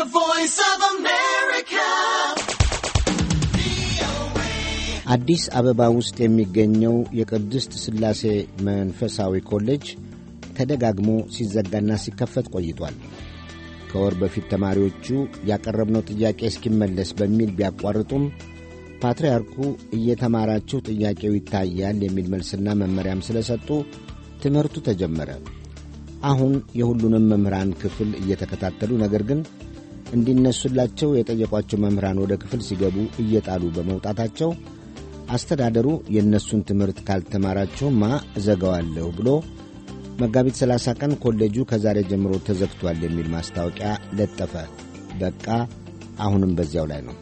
The Voice of America. አዲስ አበባ ውስጥ የሚገኘው የቅድስት ሥላሴ መንፈሳዊ ኮሌጅ ተደጋግሞ ሲዘጋና ሲከፈት ቆይቷል። ከወር በፊት ተማሪዎቹ ያቀረብነው ጥያቄ እስኪመለስ በሚል ቢያቋርጡም ፓትርያርኩ እየተማራችሁ ጥያቄው ይታያል የሚል መልስና መመሪያም ስለሰጡ ትምህርቱ ተጀመረ። አሁን የሁሉንም መምህራን ክፍል እየተከታተሉ ነገር ግን እንዲነሱላቸው የጠየቋቸው መምህራን ወደ ክፍል ሲገቡ እየጣሉ በመውጣታቸው አስተዳደሩ የእነሱን ትምህርት ካልተማራችሁማ እዘጋዋለሁ ብሎ መጋቢት 30 ቀን ኮሌጁ ከዛሬ ጀምሮ ተዘግቷል የሚል ማስታወቂያ ለጠፈ። በቃ አሁንም በዚያው ላይ ነው።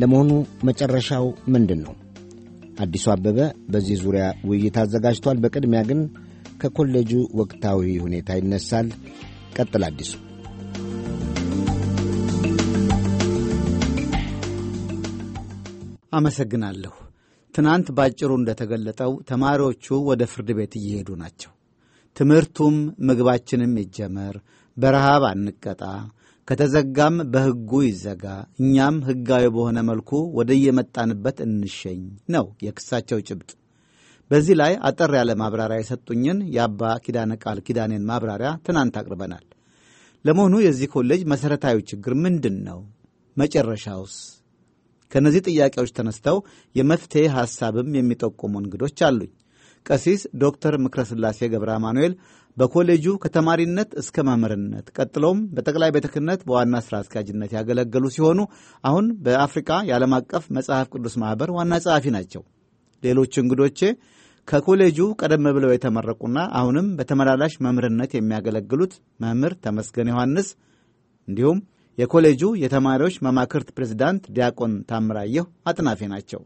ለመሆኑ መጨረሻው ምንድን ነው? አዲሱ አበበ በዚህ ዙሪያ ውይይት አዘጋጅቷል። በቅድሚያ ግን ከኮሌጁ ወቅታዊ ሁኔታ ይነሳል። ቀጥል አዲሱ አመሰግናለሁ። ትናንት ባጭሩ እንደተገለጠው ተማሪዎቹ ወደ ፍርድ ቤት እየሄዱ ናቸው። ትምህርቱም ምግባችንም ይጀመር፣ በረሃብ አንቀጣ፣ ከተዘጋም በሕጉ ይዘጋ፣ እኛም ሕጋዊ በሆነ መልኩ ወደ የመጣንበት እንሸኝ ነው የክሳቸው ጭብጥ። በዚህ ላይ አጠር ያለ ማብራሪያ የሰጡኝን የአባ ኪዳነ ቃል ኪዳኔን ማብራሪያ ትናንት አቅርበናል። ለመሆኑ የዚህ ኮሌጅ መሠረታዊ ችግር ምንድን ነው? መጨረሻውስ ከእነዚህ ጥያቄዎች ተነስተው የመፍትሄ ሐሳብም የሚጠቁሙ እንግዶች አሉኝ። ቀሲስ ዶክተር ምክረስላሴ ገብረ አማኑኤል በኮሌጁ ከተማሪነት እስከ መምህርነት ቀጥሎም በጠቅላይ ቤተ ክህነት በዋና ሥራ አስኪያጅነት ያገለገሉ ሲሆኑ አሁን በአፍሪካ የዓለም አቀፍ መጽሐፍ ቅዱስ ማኅበር ዋና ጸሐፊ ናቸው። ሌሎች እንግዶቼ ከኮሌጁ ቀደም ብለው የተመረቁና አሁንም በተመላላሽ መምህርነት የሚያገለግሉት መምህር ተመስገን ዮሐንስ እንዲሁም የኮሌጁ የተማሪዎች መማክርት ፕሬዝዳንት ዲያቆን ታምራየሁ አጥናፌ ናቸው።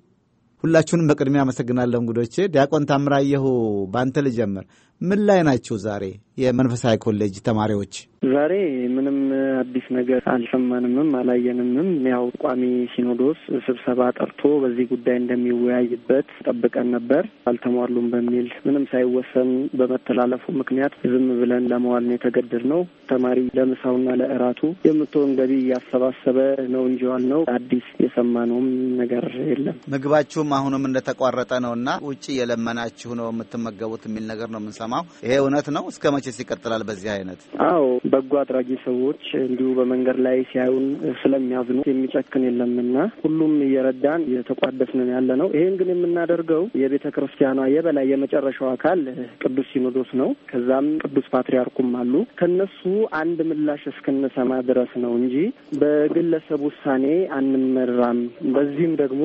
ሁላችሁንም በቅድሚያ አመሰግናለሁ እንግዶቼ። ዲያቆን ታምራየሁ በአንተ ልጀምር። ምን ላይ ናቸው ዛሬ የመንፈሳዊ ኮሌጅ ተማሪዎች? ዛሬ ምንም አዲስ ነገር አልሰማንምም አላየንምም። ያው ቋሚ ሲኖዶስ ስብሰባ ጠርቶ በዚህ ጉዳይ እንደሚወያይበት ጠብቀን ነበር። አልተሟሉም በሚል ምንም ሳይወሰን በመተላለፉ ምክንያት ዝም ብለን ለመዋል ነው ነው። ተማሪ ለምሳውና ለእራቱ የምትሆን ገቢ እያሰባሰበ ነው እንጂ ነው። አዲስ የሰማነውም ነገር የለም። ምግባችሁም አሁንም እንደተቋረጠ ነው እና ውጭ የለመናችሁ ነው የምትመገቡት የሚል ነገር ነው የምንሰማ የምንሰማው። ይሄ እውነት ነው? እስከ መቼስ ይቀጥላል በዚህ አይነት? አዎ በጎ አድራጊ ሰዎች እንዲሁ በመንገድ ላይ ሲያዩን ስለሚያዝኑ የሚጨክን የለምና ሁሉም እየረዳን እየተቋደስንን ያለ ነው። ይሄን ግን የምናደርገው የቤተ ክርስቲያኗ የበላይ የመጨረሻው አካል ቅዱስ ሲኖዶስ ነው። ከዛም ቅዱስ ፓትርያርኩም አሉ። ከነሱ አንድ ምላሽ እስክንሰማ ድረስ ነው እንጂ በግለሰብ ውሳኔ አንመራም። በዚህም ደግሞ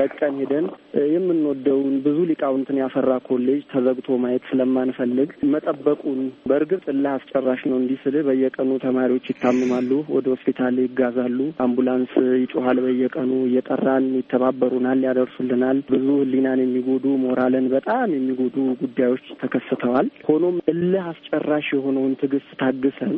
ለቀን ሄደን የምንወደውን ብዙ ሊቃውንትን ያፈራ ኮሌጅ ተዘግቶ ማየት ስለማን ስለሚፈልግ መጠበቁን በእርግጥ እልህ አስጨራሽ ነው። እንዲህ ስልህ በየቀኑ ተማሪዎች ይታምማሉ፣ ወደ ሆስፒታል ይጋዛሉ፣ አምቡላንስ ይጮኋል በየቀኑ እየጠራን ይተባበሩናል፣ ያደርሱልናል። ብዙ ህሊናን የሚጎዱ ሞራልን በጣም የሚጎዱ ጉዳዮች ተከስተዋል። ሆኖም እልህ አስጨራሽ የሆነውን ትዕግስት ታግሰን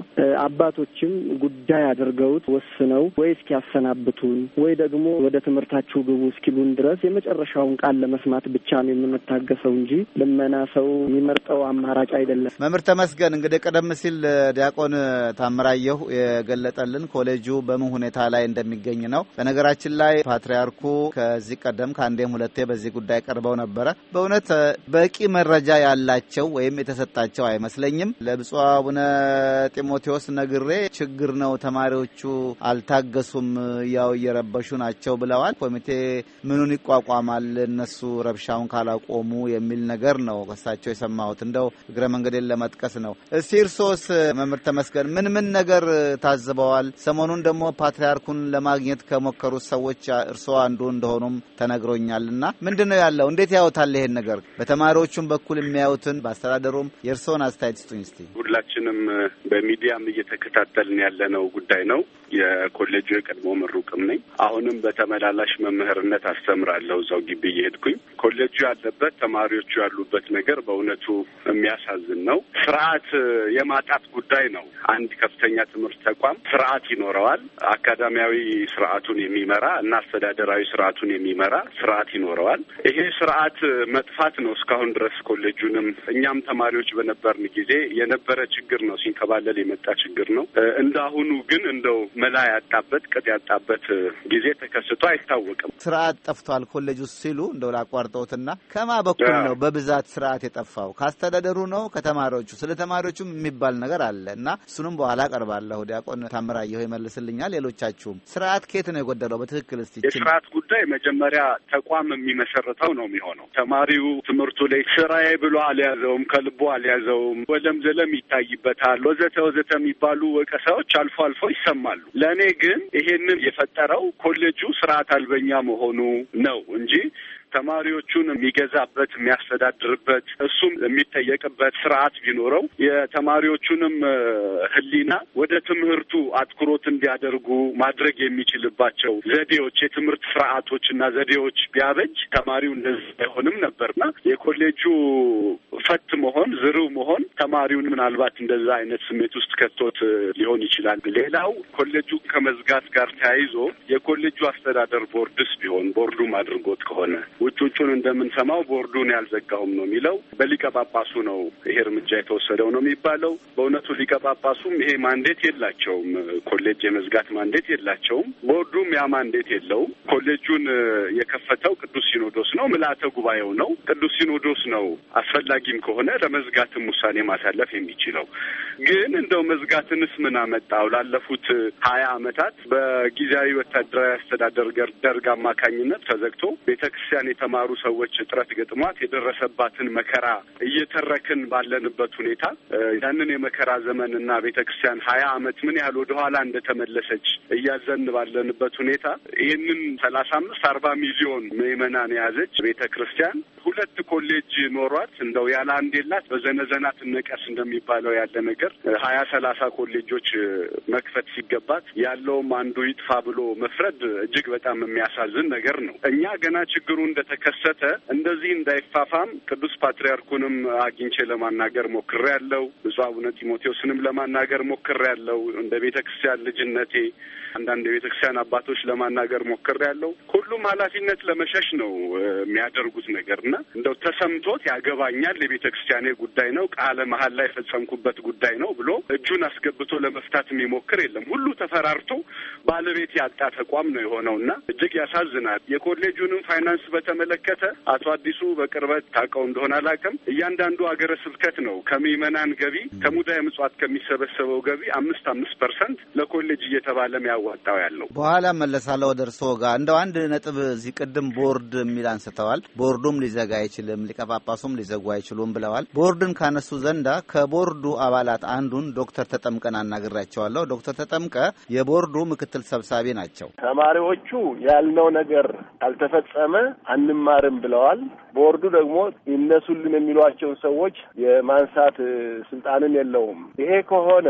አባቶችም ጉዳይ አድርገውት ወስነው ወይ እስኪያሰናብቱን ወይ ደግሞ ወደ ትምህርታችሁ ግቡ እስኪሉን ድረስ የመጨረሻውን ቃል ለመስማት ብቻ ነው የምንታገሰው እንጂ ልመና ሰው የሚመርጠው አማራጭ አይደለም። መምህር ተመስገን እንግዲህ ቀደም ሲል ዲያቆን ታምራየሁ የገለጠልን ኮሌጁ በምን ሁኔታ ላይ እንደሚገኝ ነው። በነገራችን ላይ ፓትርያርኩ ከዚህ ቀደም ከአንዴም ሁለቴ በዚህ ጉዳይ ቀርበው ነበረ። በእውነት በቂ መረጃ ያላቸው ወይም የተሰጣቸው አይመስለኝም። ለብፁዕ አቡነ ጢሞቴዎስ ነግሬ ችግር ነው ተማሪዎቹ አልታገሱም፣ ያው እየረበሹ ናቸው ብለዋል። ኮሚቴ ምኑን ይቋቋማል እነሱ ረብሻውን ካላቆሙ የሚል ነገር ነው ከሳቸው የሰማሁት። እንደው እግረ መንገዴን ለመጥቀስ ነው። እስቲ እርሶስ መምህር ተመስገን ምን ምን ነገር ታዝበዋል? ሰሞኑን ደግሞ ፓትርያርኩን ለማግኘት ከሞከሩት ሰዎች እርሶ አንዱ እንደሆኑም ተነግሮኛል እና ምንድን ነው ያለው? እንዴት ያዩታል ይሄን ነገር በተማሪዎቹም በኩል የሚያዩትን በአስተዳደሩም የእርስዎን አስተያየት ስጡኝ እስቲ። ሁላችንም በሚዲያም እየተከታተልን ያለነው ጉዳይ ነው። የኮሌጁ የቀድሞ ምሩቅም ነኝ። አሁንም በተመላላሽ መምህርነት አስተምራለሁ እዛው ግቢ እየሄድኩኝ። ኮሌጁ ያለበት ተማሪዎቹ ያሉበት ነገር በእውነቱ የሚያሳዝን ነው። ስርዓት የማጣት ጉዳይ ነው። አንድ ከፍተኛ ትምህርት ተቋም ስርዓት ይኖረዋል። አካዳሚያዊ ስርዓቱን የሚመራ እና አስተዳደራዊ ስርዓቱን የሚመራ ስርዓት ይኖረዋል። ይሄ ስርዓት መጥፋት ነው። እስካሁን ድረስ ኮሌጁንም እኛም ተማሪዎች በነበርን ጊዜ የነበረ ችግር ነው። ሲንከባለል የመጣ ችግር ነው። እንዳሁኑ ግን እንደው መላ ያጣበት ቅጥ ያጣበት ጊዜ ተከስቶ አይታወቅም። ስርዓት ጠፍቷል ኮሌጅ ውስጥ ሲሉ እንደው ላቋርጠውትና ከማ በኩል ነው በብዛት ስርዓት የጠፋው አስተዳደሩ ነው ከተማሪዎቹ። ስለ ተማሪዎቹ የሚባል ነገር አለ እና እሱንም በኋላ ቀርባለሁ። ዲያቆን ታምራየሁ ይመልስልኛል። ሌሎቻችሁም ስርዓት ከየት ነው የጎደለው? በትክክል ስ የስርዓት ጉዳይ መጀመሪያ ተቋም የሚመሰርተው ነው የሚሆነው። ተማሪው ትምህርቱ ላይ ስራዬ ብሎ አልያዘውም፣ ከልቦ አልያዘውም፣ ወለም ዘለም ይታይበታል፣ ወዘተ ወዘተ የሚባሉ ወቀሳዎች አልፎ አልፎ ይሰማሉ። ለእኔ ግን ይሄንን የፈጠረው ኮሌጁ ስርዓት አልበኛ መሆኑ ነው እንጂ ተማሪዎቹን የሚገዛበት የሚያስተዳድርበት እሱም የሚጠየቅበት ስርዓት ቢኖረው የተማሪዎቹንም ህሊና ወደ ትምህርቱ አትኩሮት እንዲያደርጉ ማድረግ የሚችልባቸው ዘዴዎች፣ የትምህርት ስርዓቶች እና ዘዴዎች ቢያበጅ ተማሪው እንደዚህ አይሆንም ነበርና የኮሌጁ ፈት መሆን ዝርው መሆን ተማሪውን ምናልባት እንደዛ አይነት ስሜት ውስጥ ከቶት ሊሆን ይችላል። ሌላው ኮሌጁ ከመዝጋት ጋር ተያይዞ የኮሌጁ አስተዳደር ቦርድስ ቢሆን ቦርዱም አድርጎት ከሆነ ውጮቹን እንደምንሰማው ቦርዱን ያልዘጋሁም ነው የሚለው በሊቀ ጳጳሱ ነው ይሄ እርምጃ የተወሰደው ነው የሚባለው። በእውነቱ ሊቀ ጳጳሱም ይሄ ማንዴት የላቸውም። ኮሌጅ የመዝጋት ማንዴት የላቸውም። ቦርዱም ያ ማንዴት የለውም። ኮሌጁን የከፈተው ቅዱስ ሲኖዶስ ነው፣ ምልአተ ጉባኤው ነው። ቅዱስ ሲኖዶስ ነው አስፈላጊም ከሆነ ለመዝጋትም ውሳኔ ማሳለፍ የሚችለው። ግን እንደው መዝጋትንስ ምን አመጣው? ላለፉት ሀያ አመታት በጊዜያዊ ወታደራዊ አስተዳደር ደርግ አማካኝነት ተዘግቶ ቤተክርስቲያን አፍሪካን የተማሩ ሰዎች እጥረት ገጥሟት የደረሰባትን መከራ እየተረክን ባለንበት ሁኔታ ያንን የመከራ እና ቤተ ክርስቲያን ሀያ ዓመት ምን ያህል ወደኋላ እንደተመለሰች እያዘን ባለንበት ሁኔታ ይህንን ሰላሳ አምስት አርባ ሚሊዮን ምእመናን የያዘች ቤተ ክርስቲያን ሁለት ኮሌጅ ኖሯት እንደው ያለ የላት በዘነዘና ትነቀስ እንደሚባለው ያለ ነገር ሀያ ሰላሳ ኮሌጆች መክፈት ሲገባት ያለውም አንዱ ይጥፋ ብሎ መፍረድ እጅግ በጣም የሚያሳዝን ነገር ነው። እኛ ገና ችግሩ እንደተከሰተ እንደዚህ እንዳይፋፋም ቅዱስ ፓትርያርኩንም አግኝቼ ለማናገር ሞክሬ ያለው ብፁዕ አቡነ ጢሞቴዎስንም ለማናገር ሞክሬ ያለው እንደ ቤተ ክርስቲያን ልጅነቴ አንዳንድ የቤተክርስቲያን አባቶች ለማናገር ያለው ሁሉም ኃላፊነት ለመሸሽ ነው የሚያደርጉት ነገር እና እንደው ተሰምቶት ያገባኛል የቤተክርስቲያኔ ጉዳይ ነው ቃለ መሀል ላይ የፈጸምኩበት ጉዳይ ነው ብሎ እጁን አስገብቶ ለመፍታት የሚሞክር የለም። ሁሉ ተፈራርቶ ባለቤት ያጣ ተቋም ነው የሆነው እና እጅግ ያሳዝናል። የኮሌጁንም ፋይናንስ በተመለከተ አቶ አዲሱ በቅርበት ታውቀው እንደሆነ አላውቅም። እያንዳንዱ ሀገረ ስብከት ነው ከሚመናን ገቢ ከሙዳየ ምጽዋት ከሚሰበሰበው ገቢ አምስት አምስት ፐርሰንት ለኮሌጅ እየተባለ ሚያ እያዋጣው ያለው። በኋላ መለሳለሁ ወደ እርስዎ ጋር እንደው አንድ ነጥብ እዚህ ቅድም ቦርድ የሚል አንስተዋል። ቦርዱም ሊዘጋ አይችልም፣ ሊቀ ሊዘጉ አይችሉም ብለዋል። ቦርድን ካነሱ ዘንዳ ከቦርዱ አባላት አንዱን ዶክተር ተጠምቀን አናግራቸዋለሁ። ዶክተር ተጠምቀ የቦርዱ ምክትል ሰብሳቢ ናቸው። ተማሪዎቹ ያልነው ነገር ካልተፈጸመ አንማርም ብለዋል። ቦርዱ ደግሞ ይነሱልን የሚሏቸውን ሰዎች የማንሳት ስልጣንም የለውም። ይሄ ከሆነ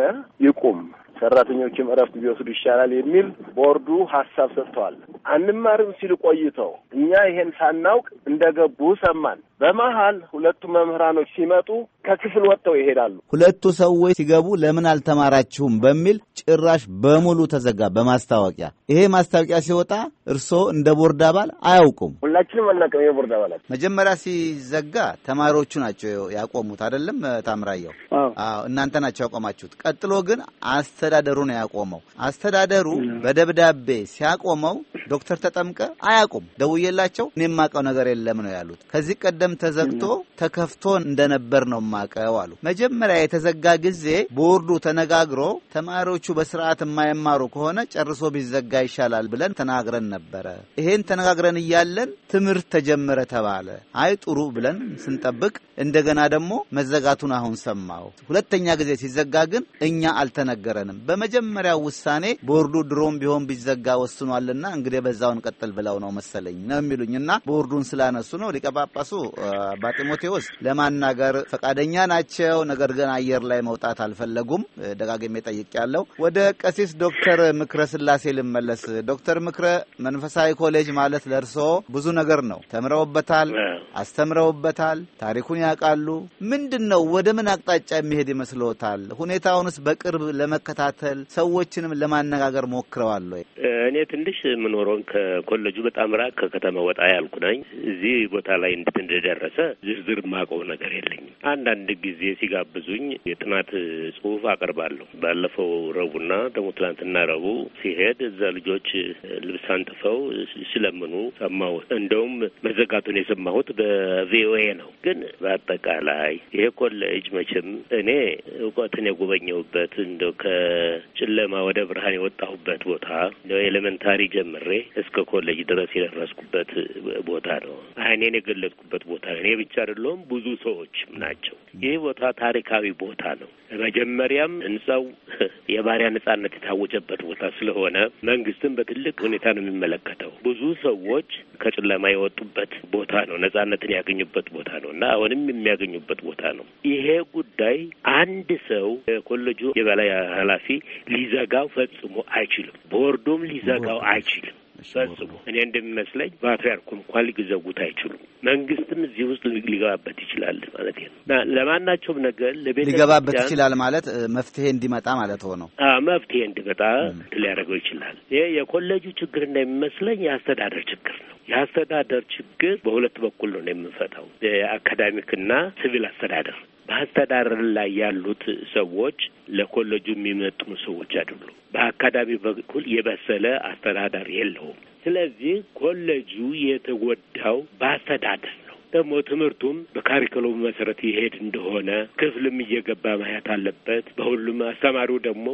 ይቁም። ሰራተኞችም እረፍት ቢወስዱ ይሻላል የሚል ቦርዱ ሀሳብ ሰጥተዋል። አንማርም ሲል ቆይተው እኛ ይሄን ሳናውቅ እንደገቡ ሰማን። በመሀል ሁለቱ መምህራኖች ሲመጡ ከክፍል ወጥተው ይሄዳሉ። ሁለቱ ሰዎች ሲገቡ ለምን አልተማራችሁም በሚል ጭራሽ በሙሉ ተዘጋ በማስታወቂያ። ይሄ ማስታወቂያ ሲወጣ እርስዎ እንደ ቦርድ አባል አያውቁም? ሁላችንም አናውቅም። የቦርድ አባላት መጀመሪያ ሲዘጋ ተማሪዎቹ ናቸው ያቆሙት አይደለም? ታምራየው፣ እናንተ ናቸው ያቆማችሁት። ቀጥሎ ግን አስተዳደሩ ነው ያቆመው። አስተዳደሩ በደብዳቤ ሲያቆመው ዶክተር ተጠምቀ አያውቁም። ደውዬላቸው እኔ የማውቀው ነገር የለም ነው ያሉት። ከዚህ ቀደም ተዘግቶ ተከፍቶ እንደነበር ነው የማውቀው አሉ። መጀመሪያ የተዘጋ ጊዜ ቦርዱ ተነጋግሮ ተማሪዎቹ በስርዓት የማይማሩ ከሆነ ጨርሶ ቢዘጋ ይሻላል ብለን ተናግረን ነበረ። ይሄን ተነጋግረን እያለን ትምህርት ተጀመረ ተባለ። አይ ጥሩ ብለን ስንጠብቅ እንደገና ደግሞ መዘጋቱን አሁን ሰማው። ሁለተኛ ጊዜ ሲዘጋ ግን እኛ አልተነገረንም። በመጀመሪያው ውሳኔ ቦርዱ ድሮም ቢሆን ቢዘጋ ወስኗልና እንግዲህ እንግዲህ በዛውን ቀጥል ብለው ነው መሰለኝ ነው የሚሉኝ እና ቦርዱን ስላነሱ ነው ሊቀ ጳጳሱ አባ ጢሞቴዎስ ለማናገር ፈቃደኛ ናቸው። ነገር ግን አየር ላይ መውጣት አልፈለጉም። ደጋግሜ ያለው ወደ ቀሲስ ዶክተር ምክረ ስላሴ ልመለስ። ዶክተር ምክረ መንፈሳዊ ኮሌጅ ማለት ለእርስዎ ብዙ ነገር ነው። ተምረውበታል፣ አስተምረውበታል፣ ታሪኩን ያውቃሉ። ምንድን ነው ወደ ምን አቅጣጫ የሚሄድ ይመስልዎታል? ሁኔታውንስ በቅርብ ለመከታተል ሰዎችንም ለማነጋገር ሞክረዋል ወይ? እኔ ትንሽ ምኖ ኖሮን ከኮሌጁ በጣም ራቅ ከከተማ ወጣ ያልኩ ነኝ። እዚህ ቦታ ላይ እንዴት እንደደረሰ ዝርዝር የማውቀው ነገር የለኝም። አንዳንድ ጊዜ ሲጋብዙኝ የጥናት ጽሁፍ አቀርባለሁ። ባለፈው ረቡና ደግሞ ትላንትና ረቡ ሲሄድ እዛ ልጆች ልብስ አንጥፈው ሲለምኑ ሰማሁት። እንደውም መዘጋቱን የሰማሁት በቪኦኤ ነው። ግን በአጠቃላይ ይሄ ኮሌጅ መቼም እኔ እውቀትን የጎበኘሁበት እንደው ከጨለማ ወደ ብርሃን የወጣሁበት ቦታ ኤሌመንታሪ ጀምሬ እስከ ኮሌጅ ድረስ የደረስኩበት ቦታ ነው። አይኔን የገለጥኩበት ቦታ ነው። እኔ ብቻ አይደለሁም፣ ብዙ ሰዎችም ናቸው። ይህ ቦታ ታሪካዊ ቦታ ነው። መጀመሪያም ህንጻው የባሪያ ነጻነት የታወጀበት ቦታ ስለሆነ መንግስትም በትልቅ ሁኔታ ነው የሚመለከተው። ብዙ ሰዎች ከጨለማ የወጡበት ቦታ ነው፣ ነጻነትን ያገኙበት ቦታ ነው እና አሁንም የሚያገኙበት ቦታ ነው። ይሄ ጉዳይ አንድ ሰው የኮሌጁ የበላይ ኃላፊ ሊዘጋው ፈጽሞ አይችልም። ቦርዶም ሊዘጋው አይችልም። ፈጽሞ እኔ እንደሚመስለኝ ፓትሪያርኩ እንኳን ሊዘጉት አይችሉም። መንግስትም እዚህ ውስጥ ሊገባበት ይችላል ማለት ነው። ለማናቸውም ነገር ለቤተ ሊገባበት ይችላል ማለት መፍትሄ እንዲመጣ ማለት ሆነው መፍትሄ እንዲመጣ ሊያደርገው ይችላል። ይህ የኮሌጁ ችግር እንደሚመስለኝ የአስተዳደር ችግር ነው። የአስተዳደር ችግር በሁለት በኩል ነው የምንፈታው፣ የአካዳሚክና ሲቪል አስተዳደር በአስተዳደር ላይ ያሉት ሰዎች ለኮሌጁ የሚመጥኑ ሰዎች አይደሉም። በአካዳሚ በኩል የበሰለ አስተዳደር የለውም። ስለዚህ ኮሌጁ የተጎዳው በአስተዳደር ደግሞ ትምህርቱም በካሪክለሙ መሰረት ይሄድ እንደሆነ ክፍልም እየገባ ማየት አለበት። በሁሉም አስተማሪው ደግሞ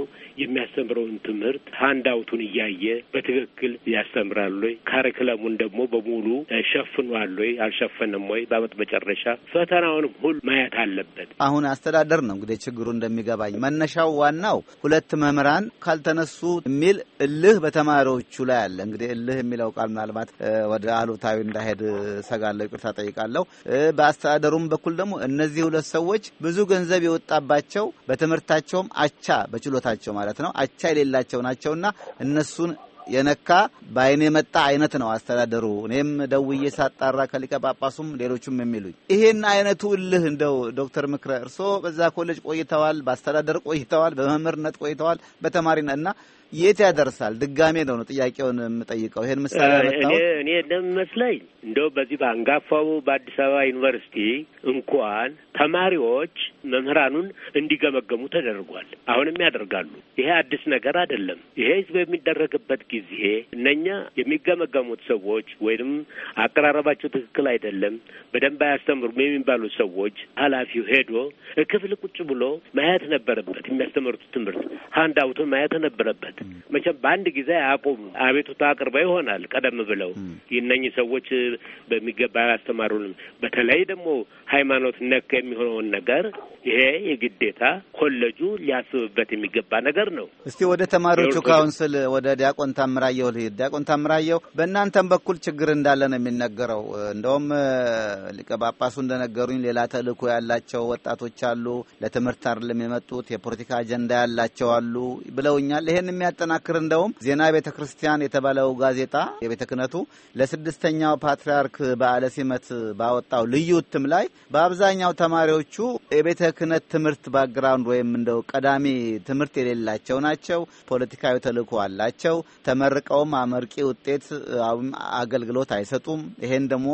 የሚያስተምረውን ትምህርት ሀንዳውቱን እያየ በትክክል ያስተምራል ወይ፣ ካሪክለሙን ደግሞ በሙሉ ሸፍኗል ወይ አልሸፈንም ወይ፣ በአመት መጨረሻ ፈተናውንም ሁሉ ማየት አለበት። አሁን አስተዳደር ነው እንግዲህ ችግሩ እንደሚገባኝ መነሻው ዋናው ሁለት መምህራን ካልተነሱ የሚል እልህ በተማሪዎቹ ላይ አለ። እንግዲህ እልህ የሚለው ቃል ምናልባት ወደ አሉታዊ እንዳሄድ ሰጋለሁ፣ ይቅርታ ጠይቃለሁ። አውቃለሁ። በአስተዳደሩም በኩል ደግሞ እነዚህ ሁለት ሰዎች ብዙ ገንዘብ የወጣባቸው በትምህርታቸውም አቻ በችሎታቸው ማለት ነው አቻ የሌላቸው ናቸውና እነሱን የነካ በአይን የመጣ አይነት ነው አስተዳደሩ። እኔም ደውዬ ሳጣራ ከሊቀ ጳጳሱም ሌሎቹም የሚሉኝ ይሄን አይነቱ እልህ እንደው ዶክተር ምክረ እርስዎ በዛ ኮሌጅ ቆይተዋል፣ በአስተዳደር ቆይተዋል፣ በመምህርነት ቆይተዋል፣ በተማሪነት እና የት ያደርሳል? ድጋሜ ነው ነው ጥያቄውን የምጠይቀው። ይሄን ምሳሌ ያመጣው እኔ እንደሚመስለኝ እንደው በዚህ በአንጋፋው በአዲስ አበባ ዩኒቨርሲቲ እንኳን ተማሪዎች መምህራኑን እንዲገመገሙ ተደርጓል። አሁንም ያደርጋሉ። ይሄ አዲስ ነገር አይደለም። ይሄ ህዝብ የሚደረግበት ጊዜ እነኛ የሚገመገሙት ሰዎች ወይም አቀራረባቸው ትክክል አይደለም፣ በደንብ አያስተምሩም የሚባሉ ሰዎች ኃላፊው ሄዶ ክፍል ቁጭ ብሎ ማየት ነበረበት። የሚያስተምሩት ትምህርት ሀንድ አውቶ ማየት ነበረበት። የለበትም። መቼም በአንድ ጊዜ አያቆሙ አቤቱታ አቅርባ ይሆናል ቀደም ብለው እነኚህ ሰዎች በሚገባ አያስተማሩንም። በተለይ ደግሞ ሃይማኖት ነክ የሚሆነውን ነገር ይሄ የግዴታ ኮሌጁ ሊያስብበት የሚገባ ነገር ነው። እስቲ ወደ ተማሪዎቹ ካውንስል ወደ ዲያቆን ታምራየሁ ልሂድ። ዲያቆን ታምራየሁ በእናንተም በኩል ችግር እንዳለ ነው የሚነገረው። እንደውም ሊቀ ጳጳሱ እንደነገሩኝ ሌላ ተልእኮ ያላቸው ወጣቶች አሉ፣ ለትምህርት አይደለም የመጡት የፖለቲካ አጀንዳ ያላቸው አሉ ብለውኛል። ይሄን የሚያጠናክር እንደውም ዜና ቤተ ክርስቲያን የተባለው ጋዜጣ የቤተ ክህነቱ ለስድስተኛው ፓትርያርክ በዓለ ሲመት ባወጣው ልዩ እትም ላይ በአብዛኛው ተማሪዎቹ የቤተ ክህነት ትምህርት ባክግራውንድ ወይም እንደው ቀዳሚ ትምህርት የሌላቸው ናቸው። ፖለቲካዊ ተልዕኮ አላቸው። ተመርቀውም አመርቂ ውጤት አገልግሎት አይሰጡም። ይሄን ደግሞ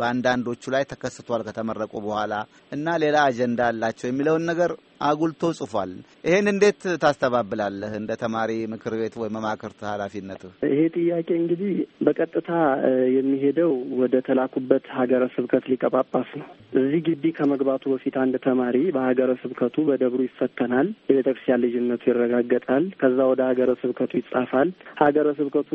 በአንዳንዶቹ ላይ ተከስቷል ከተመረቁ በኋላ እና ሌላ አጀንዳ አላቸው የሚለውን ነገር አጉልቶ ጽፏል። ይሄን እንዴት ታስተባብላለህ? እንደ ተማሪ ምክር ቤት ወይ መማክርት ኃላፊነትህ ይሄ ጥያቄ እንግዲህ በቀጥታ የሚሄደው ወደ ተላኩበት ሀገረ ስብከት ሊቀ ጳጳስ ነው። እዚህ ግቢ ከመግባቱ በፊት አንድ ተማሪ በሀገረ ስብከቱ በደብሩ ይፈተናል። የቤተ ክርስቲያን ልጅነቱ ይረጋገጣል። ከዛ ወደ ሀገረ ስብከቱ ይጻፋል። ሀገረ ስብከቱ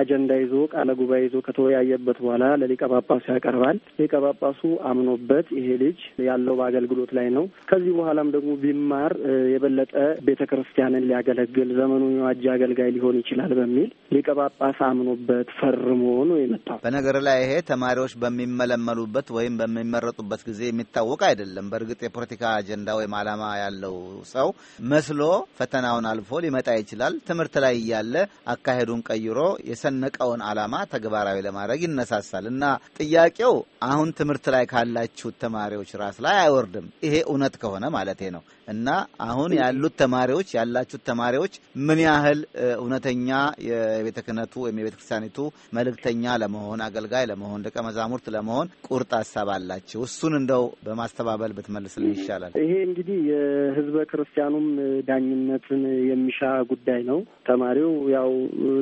አጀንዳ ይዞ ቃለ ጉባኤ ይዞ ከተወያየበት በኋላ ለሊቀ ጳጳሱ ያቀርባል። ሊቀ ጳጳሱ አምኖበት ይሄ ልጅ ያለው በአገልግሎት ላይ ነው ከዚህ በኋላ በኋላም ደግሞ ቢማር የበለጠ ቤተ ክርስቲያንን ሊያገለግል ዘመኑን የዋጀ አገልጋይ ሊሆን ይችላል በሚል ሊቀ ጳጳስ አምኖበት ፈርሞ ነው የመጣው። በነገር ላይ ይሄ ተማሪዎች በሚመለመሉበት ወይም በሚመረጡበት ጊዜ የሚታወቅ አይደለም። በእርግጥ የፖለቲካ አጀንዳ ወይም ዓላማ ያለው ሰው መስሎ ፈተናውን አልፎ ሊመጣ ይችላል። ትምህርት ላይ እያለ አካሄዱን ቀይሮ የሰነቀውን ዓላማ ተግባራዊ ለማድረግ ይነሳሳል እና ጥያቄው አሁን ትምህርት ላይ ካላችሁት ተማሪዎች ራስ ላይ አይወርድም። ይሄ እውነት ከሆነ ማለት latino. እና አሁን ያሉት ተማሪዎች ያላችሁት ተማሪዎች ምን ያህል እውነተኛ የቤተ ክህነቱ ወይም የቤተ ክርስቲያኒቱ መልእክተኛ ለመሆን አገልጋይ ለመሆን ደቀ መዛሙርት ለመሆን ቁርጥ ሀሳብ አላቸው? እሱን እንደው በማስተባበል ብትመልስልን ይሻላል። ይሄ እንግዲህ የህዝበ ክርስቲያኑም ዳኝነትን የሚሻ ጉዳይ ነው። ተማሪው ያው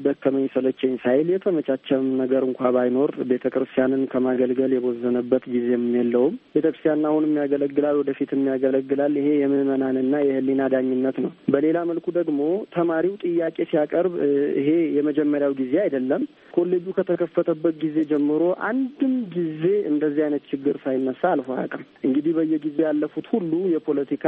ደከመኝ ሰለቸኝ ሳይል የተመቻቸም ነገር እንኳ ባይኖር ቤተ ክርስቲያንን ከማገልገል የቦዘነበት ጊዜም የለውም። ቤተ ክርስቲያን አሁንም ያገለግላል፣ ወደፊትም ያገለግላል። ይሄ የምን ምዕመናንና የህሊና ዳኝነት ነው። በሌላ መልኩ ደግሞ ተማሪው ጥያቄ ሲያቀርብ ይሄ የመጀመሪያው ጊዜ አይደለም። ኮሌጁ ከተከፈተበት ጊዜ ጀምሮ አንድም ጊዜ እንደዚህ አይነት ችግር ሳይነሳ አልፎ አያውቅም። እንግዲህ በየጊዜው ያለፉት ሁሉ የፖለቲካ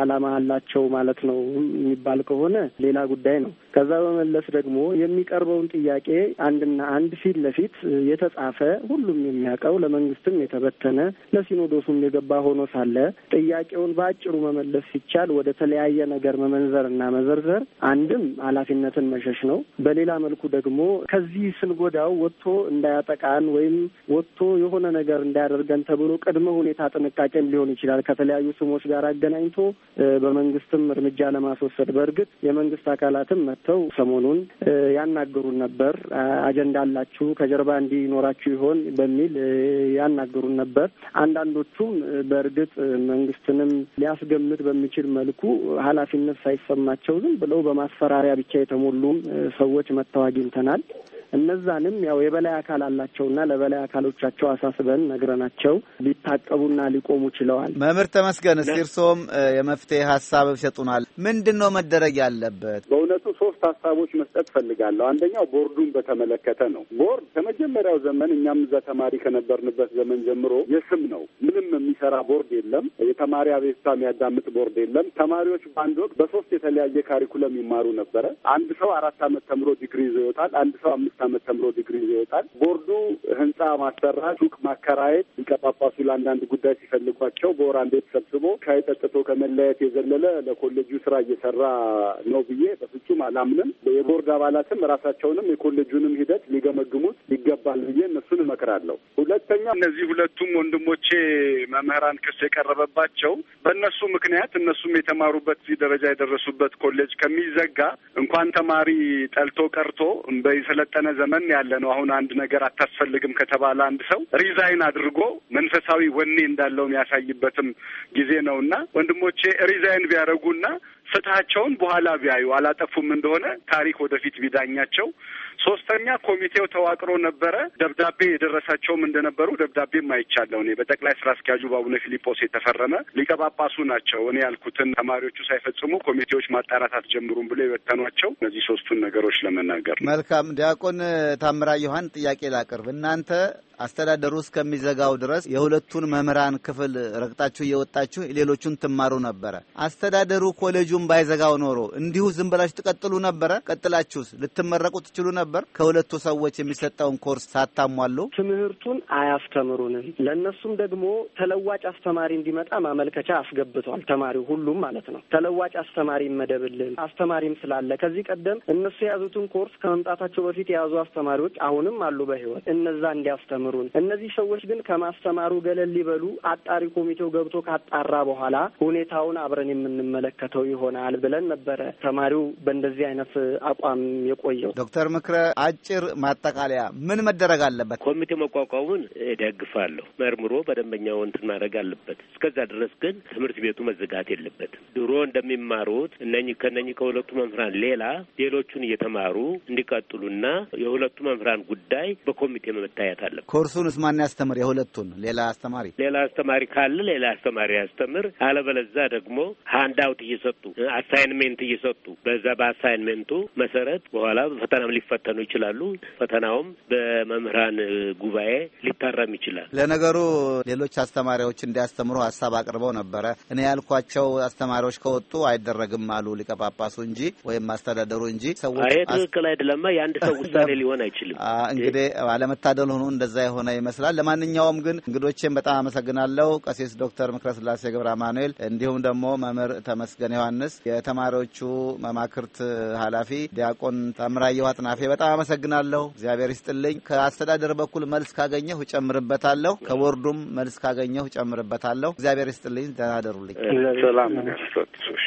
ዓላማ አላቸው ማለት ነው የሚባል ከሆነ ሌላ ጉዳይ ነው። ከዛ በመለስ ደግሞ የሚቀርበውን ጥያቄ አንድና አንድ ፊት ለፊት የተጻፈ ሁሉም የሚያውቀው ለመንግስትም የተበተነ ለሲኖዶሱም የገባ ሆኖ ሳለ ጥያቄውን በአጭሩ መመ መመለስ ሲቻል ወደ ተለያየ ነገር መመንዘር እና መዘርዘር አንድም ኃላፊነትን መሸሽ ነው። በሌላ መልኩ ደግሞ ከዚህ ስንጎዳው ወጥቶ እንዳያጠቃን ወይም ወጥቶ የሆነ ነገር እንዳያደርገን ተብሎ ቅድመ ሁኔታ ጥንቃቄም ሊሆን ይችላል ከተለያዩ ስሞች ጋር አገናኝቶ በመንግስትም እርምጃ ለማስወሰድ በእርግጥ የመንግስት አካላትም መጥተው ሰሞኑን ያናግሩን ነበር። አጀንዳ አላችሁ ከጀርባ እንዲኖራችሁ ይሆን በሚል ያናግሩን ነበር። አንዳንዶቹም በእርግጥ መንግስትንም ሊያስገም ሊያስቀምጥ በሚችል መልኩ ኃላፊነት ሳይሰማቸው ዝም ብለው በማስፈራሪያ ብቻ የተሞሉም ሰዎች መጥተው አግኝተናል። እነዛንም ያው የበላይ አካል አላቸውና ለበላይ አካሎቻቸው አሳስበን ነግረናቸው ሊታቀቡና ሊቆሙ ችለዋል። መምህር ተመስገን እስኪ እርስዎም የመፍትሄ ሀሳብ ይሰጡናል። ምንድን ነው መደረግ ያለበት? በእውነቱ ሶስት ሀሳቦች መስጠት ፈልጋለሁ። አንደኛው ቦርዱን በተመለከተ ነው። ቦርድ ከመጀመሪያው ዘመን እኛም እዛ ተማሪ ከነበርንበት ዘመን ጀምሮ የስም ነው። ምንም የሚሰራ ቦርድ የለም። የተማሪ አቤቱታ የሚያዳምጥ ቦርድ የለም። ተማሪዎች በአንድ ወቅት በሶስት የተለያየ ካሪኩለም ይማሩ ነበረ። አንድ ሰው አራት ዓመት ተምሮ ዲግሪ ይዞ ይወጣል። አንድ ሰው አምስት ዓመት ተምሮ ዲግሪ ይወጣል። ቦርዱ ህንፃ ማሰራት፣ ሱቅ ማከራየት ሊቀጳጳሱ ለአንዳንድ ጉዳይ ሲፈልጓቸው በወር አንዴ ተሰብስቦ ሻይ ጠጥቶ ከመለያየት የዘለለ ለኮሌጁ ስራ እየሰራ ነው ብዬ በፍጹም አላምንም። የቦርድ አባላትም ራሳቸውንም የኮሌጁንም ሂደት ሊገመግሙት ይገባል ብዬ እነሱን እመክራለሁ። ሁለተኛ እነዚህ ሁለቱም ወንድሞቼ መምህራን ክስ የቀረበባቸው በእነሱ ምክንያት እነሱም የተማሩበት እዚህ ደረጃ የደረሱበት ኮሌጅ ከሚዘጋ እንኳን ተማሪ ጠልቶ ቀርቶ በሰለጠነ ዘመን ያለ ነው። አሁን አንድ ነገር አታስፈልግም ከተባለ አንድ ሰው ሪዛይን አድርጎ መንፈሳዊ ወኔ እንዳለው የሚያሳይበትም ጊዜ ነው እና ወንድሞቼ ሪዛይን ቢያደርጉና ፍትሀቸውን በኋላ ቢያዩ አላጠፉም እንደሆነ ታሪክ ወደፊት ቢዳኛቸው። ሶስተኛ ኮሚቴው ተዋቅሮ ነበረ። ደብዳቤ የደረሳቸውም እንደነበሩ ደብዳቤም አይቻለሁ እኔ በጠቅላይ ስራ አስኪያጁ በአቡነ ፊሊጶስ የተፈረመ ሊቀ ጳጳሱ ናቸው። እኔ ያልኩትን ተማሪዎቹ ሳይፈጽሙ ኮሚቴዎች ማጣራት አትጀምሩም ብሎ የበተኗቸው እነዚህ ሶስቱን ነገሮች ለመናገር መልካም። ዲያቆን ታምራ ዮሐን ጥያቄ ላቅርብ። እናንተ አስተዳደሩ እስከሚዘጋው ድረስ የሁለቱን መምህራን ክፍል ረግጣችሁ እየወጣችሁ ሌሎቹን ትማሩ ነበረ። አስተዳደሩ ኮሌጁ ሁለቱም ባይዘጋው ኖሮ እንዲሁ ዝም ብላችሁ ትቀጥሉ ነበረ? ቀጥላችሁስ ልትመረቁ ትችሉ ነበር? ከሁለቱ ሰዎች የሚሰጠውን ኮርስ ሳታሟሉ ትምህርቱን አያስተምሩንም። ለእነሱም ደግሞ ተለዋጭ አስተማሪ እንዲመጣ ማመልከቻ አስገብቷል ተማሪው ሁሉም ማለት ነው። ተለዋጭ አስተማሪ ይመደብልን አስተማሪም ስላለ ከዚህ ቀደም እነሱ የያዙትን ኮርስ ከመምጣታቸው በፊት የያዙ አስተማሪዎች አሁንም አሉ በህይወት እነዛ እንዲያስተምሩን። እነዚህ ሰዎች ግን ከማስተማሩ ገለል ሊበሉ አጣሪ ኮሚቴው ገብቶ ካጣራ በኋላ ሁኔታውን አብረን የምንመለከተው ይሆናል ይሆናል ብለን ነበረ። ተማሪው በእንደዚህ አይነት አቋም የቆየው። ዶክተር ምክረ አጭር ማጠቃለያ ምን መደረግ አለበት? ኮሚቴ መቋቋሙን እደግፋለሁ። መርምሮ በደንበኛው እንትን ማድረግ አለበት። እስከዛ ድረስ ግን ትምህርት ቤቱ መዘጋት የለበትም። ድሮ እንደሚማሩት እነኚህ ከነ ከሁለቱ መምህራን ሌላ ሌሎቹን እየተማሩ እንዲቀጥሉና የሁለቱ መምህራን ጉዳይ በኮሚቴ መታየት አለበት። ኮርሱንስ ማን ያስተምር? የሁለቱን ሌላ አስተማሪ ሌላ አስተማሪ ካለ ሌላ አስተማሪ ያስተምር። አለበለዛ ደግሞ አውት እየሰጡ አሳይንሜንት እየሰጡ በዛ በአሳይንሜንቱ መሰረት በኋላ ፈተናም ሊፈተኑ ይችላሉ። ፈተናውም በመምህራን ጉባኤ ሊታረም ይችላል። ለነገሩ ሌሎች አስተማሪዎች እንዲያስተምሩ ሀሳብ አቅርበው ነበረ። እኔ ያልኳቸው አስተማሪዎች ከወጡ አይደረግም አሉ ሊቀ ጳጳሱ እንጂ ወይም አስተዳደሩ እንጂ ሰዎች ትክክል አይደለማ። የአንድ ሰው ውሳኔ ሊሆን አይችልም። እንግዲህ አለመታደል ሆኖ እንደዛ የሆነ ይመስላል። ለማንኛውም ግን እንግዶቼም በጣም አመሰግናለሁ። ቀሲስ ዶክተር ምክረስላሴ ገብረ አማኑኤል እንዲሁም ደግሞ መምህር ተመስገን ዮሐንስ መንግስት የተማሪዎቹ መማክርት ኃላፊ ዲያቆን ታምራየሁ አጥናፌ በጣም አመሰግናለሁ። እግዚአብሔር ይስጥልኝ። ከአስተዳደር በኩል መልስ ካገኘሁ እጨምርበታለሁ። ከቦርዱም መልስ ካገኘሁ እጨምርበታለሁ። እግዚአብሔር ይስጥልኝ። ደህና ደሩልኝ። ሰላም